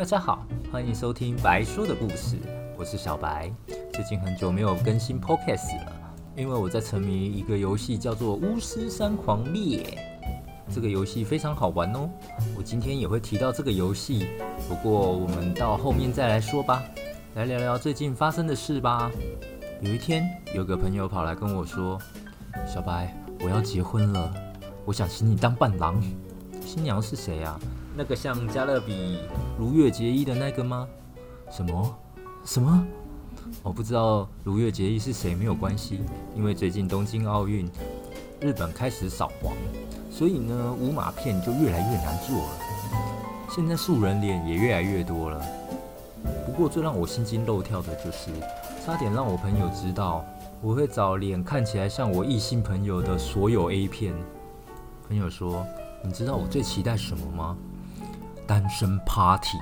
大家好，歡迎收聽白叔的故事，我是小白。最近很久沒有更新 Podcast 了，因為我在沉迷一個遊戲叫做《巫師三狂獵》，這個遊戲非常好玩哦。我今天也會提到這個遊戲，不過我們到後面再來說吧。來聊聊最近發生的事吧。有一天，有個朋友跑來跟我說：“小白，我要結婚了，我想請你當伴郎。”新娘是誰啊？那個像加勒比如月結衣的那個嗎？什麼什麼？我不知道如月結衣是誰，沒有關係。因為最近東京奧運，日本開始掃黃，所以呢，無碼片就越來越難做了。現在素人臉也越來越多了。不過最讓我心驚肉跳的就是，差點讓我朋友知道我會找臉看起來像我異性朋友的所有 A 片。朋友說：“你知道我最期待什麼嗎？”單身 party，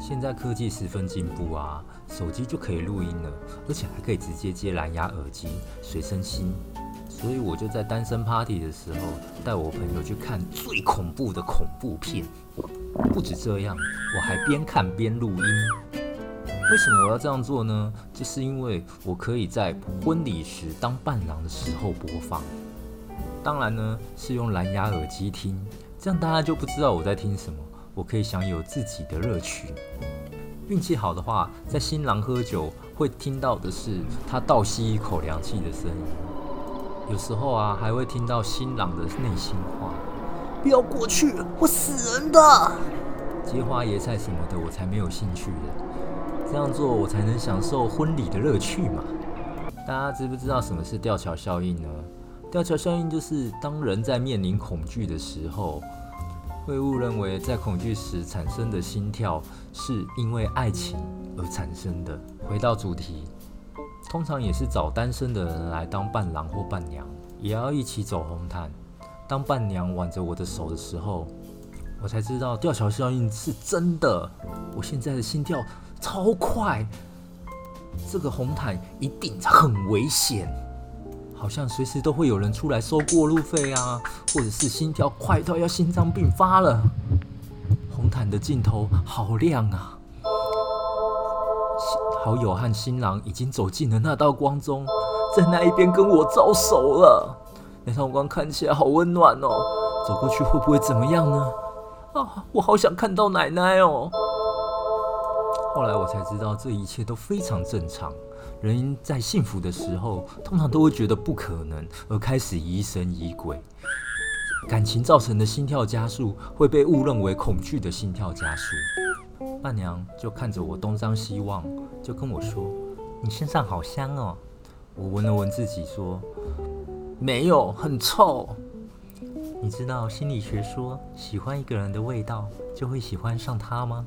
現在科技十分進步啊，手機就可以錄音了，而且還可以直接接藍牙耳機，隨身聽。所以我就在單身 party 的時候，帶我朋友去看最恐怖的恐怖片。不止這樣，我還邊看邊錄音。為什麼我要這樣做呢？就是因為我可以在婚禮時當伴郎的時候播放。當然呢，是用藍牙耳機聽，這樣大家就不知道我在聽什麼。我可以享有自己的樂趣。運氣好的話，在新郎喝酒會聽到的是他倒吸一口涼氣的聲音。有時候啊，還會聽到新郎的內心話：不要過去，會死人的。接花椰菜什麼的，我才沒有興趣的。這樣做，我才能享受婚禮的樂趣嘛？大家知不知道什麼是吊橋效應呢？吊橋效應就是當人在面臨恐懼的時候。會誤認為在恐懼時產生的心跳是因為愛情而產生的。回到主題，通常也是找單身的人來當伴郎或伴娘，也要一起走紅毯。當伴娘挽着我的手的時候，我才知道吊橋效應是真的。我現在的心跳超快，這個紅毯一定很危險。好像隨時都會有人出來收過路費啊，或者是心跳快到要心臟病發了。紅毯的盡頭好亮啊！好友和新郎已經走進了那道光中，在那一邊跟我招手了。那道光看起來好溫暖哦，走過去會不會怎麼樣呢？啊，我好想看到奶奶哦。後來我才知道，這一切都非常正常。人在幸福的時候，通常都會覺得不可能，而開始疑神疑鬼。感情造成的心跳加速，會被誤認為恐懼的心跳加速。伴娘就看着我東張西望，就跟我說：“你身上好香哦。”我聞了聞自己，說：“沒有，很臭。”你知道心理學說，喜歡一個人的味道，就會喜歡上他嗎？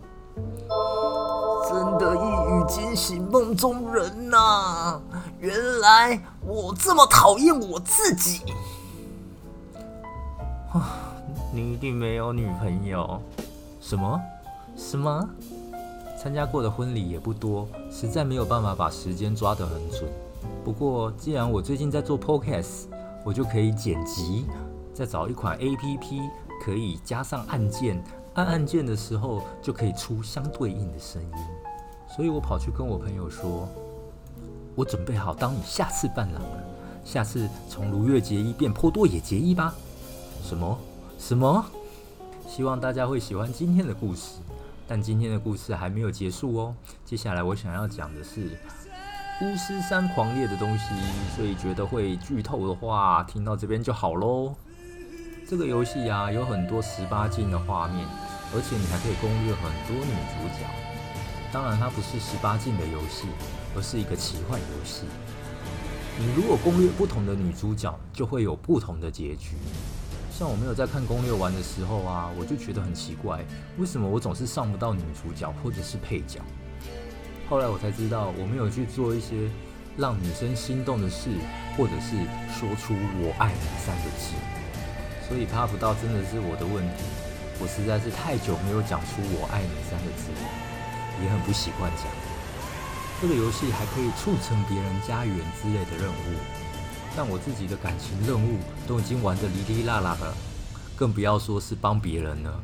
真的，一語驚醒夢中人吶、啊！原來我這麼討厭我自己。啊，你一定沒有女朋友？什麼？什麼？參加過的婚禮也不多，實在沒有辦法把時間抓得很準。不過，既然我最近在做 Podcast，我就可以剪輯，再找一款 app 可以加上按鍵。按按鍵的時候就可以出相對應的聲音，所以我跑去跟我朋友說：“我準備好，當你下次伴郎了，下次從如月結衣變波多野結衣吧。”什麼？什麼？希望大家會喜歡今天的故事，但今天的故事還沒有結束哦。接下來我想要講的是巫師三狂烈的東西，所以覺得會劇透的話，聽到這邊就好嘍。這個遊戲啊，有很多十八禁的畫面。而且你還可以攻略很多女主角，當然它不是十八禁的遊戲，而是一個奇幻遊戲。你如果攻略不同的女主角，就會有不同的結局。像我沒有在看攻略玩的時候啊，我就覺得很奇怪，為什麼我總是上不到女主角或者是配角？後來我才知道，我沒有去做一些讓女生心動的事，或者是說出“我愛你”三個字，所以怕不到真的是我的問題。我實在是太久沒有講出“我愛你”三個字，也很不習慣講。這個遊戲還可以促成別人家園之類的任務，但我自己的感情任務都已經玩得哩哩啦啦的，更不要說是幫別人了。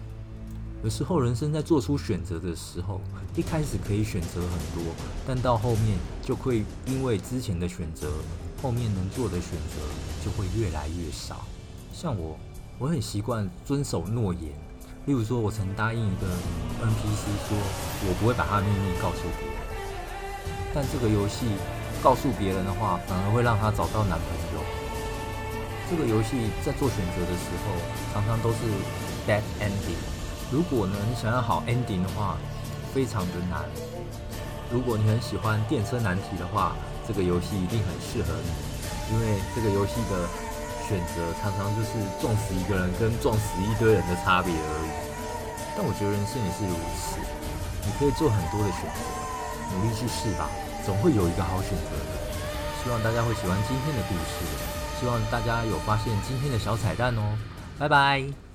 有時候人生在做出選擇的時候，一開始可以選擇很多，但到後面就會因為之前的選擇，後面能做的選擇就會越來越少。像我，我很習慣遵守諾言。例如說，我曾答應一個 NPC 說，我不會把他的秘密告訴別人。但這個遊戲告訴別人的話，反而會讓他找到男朋友。這個遊戲在做選擇的時候，常常都是 bad ending。如果呢，你想要好 ending 的話，非常的難。如果你很喜歡電車難題的話，這個遊戲一定很適合你，因為這個遊戲的。選擇常常就是撞死一個人跟撞死一堆人的差別而已，但我覺得人生也是如此，你可以做很多的選擇，努力去試吧，總會有一個好選擇的。希望大家會喜歡今天的故事，希望大家有發現今天的小彩蛋哦，拜拜。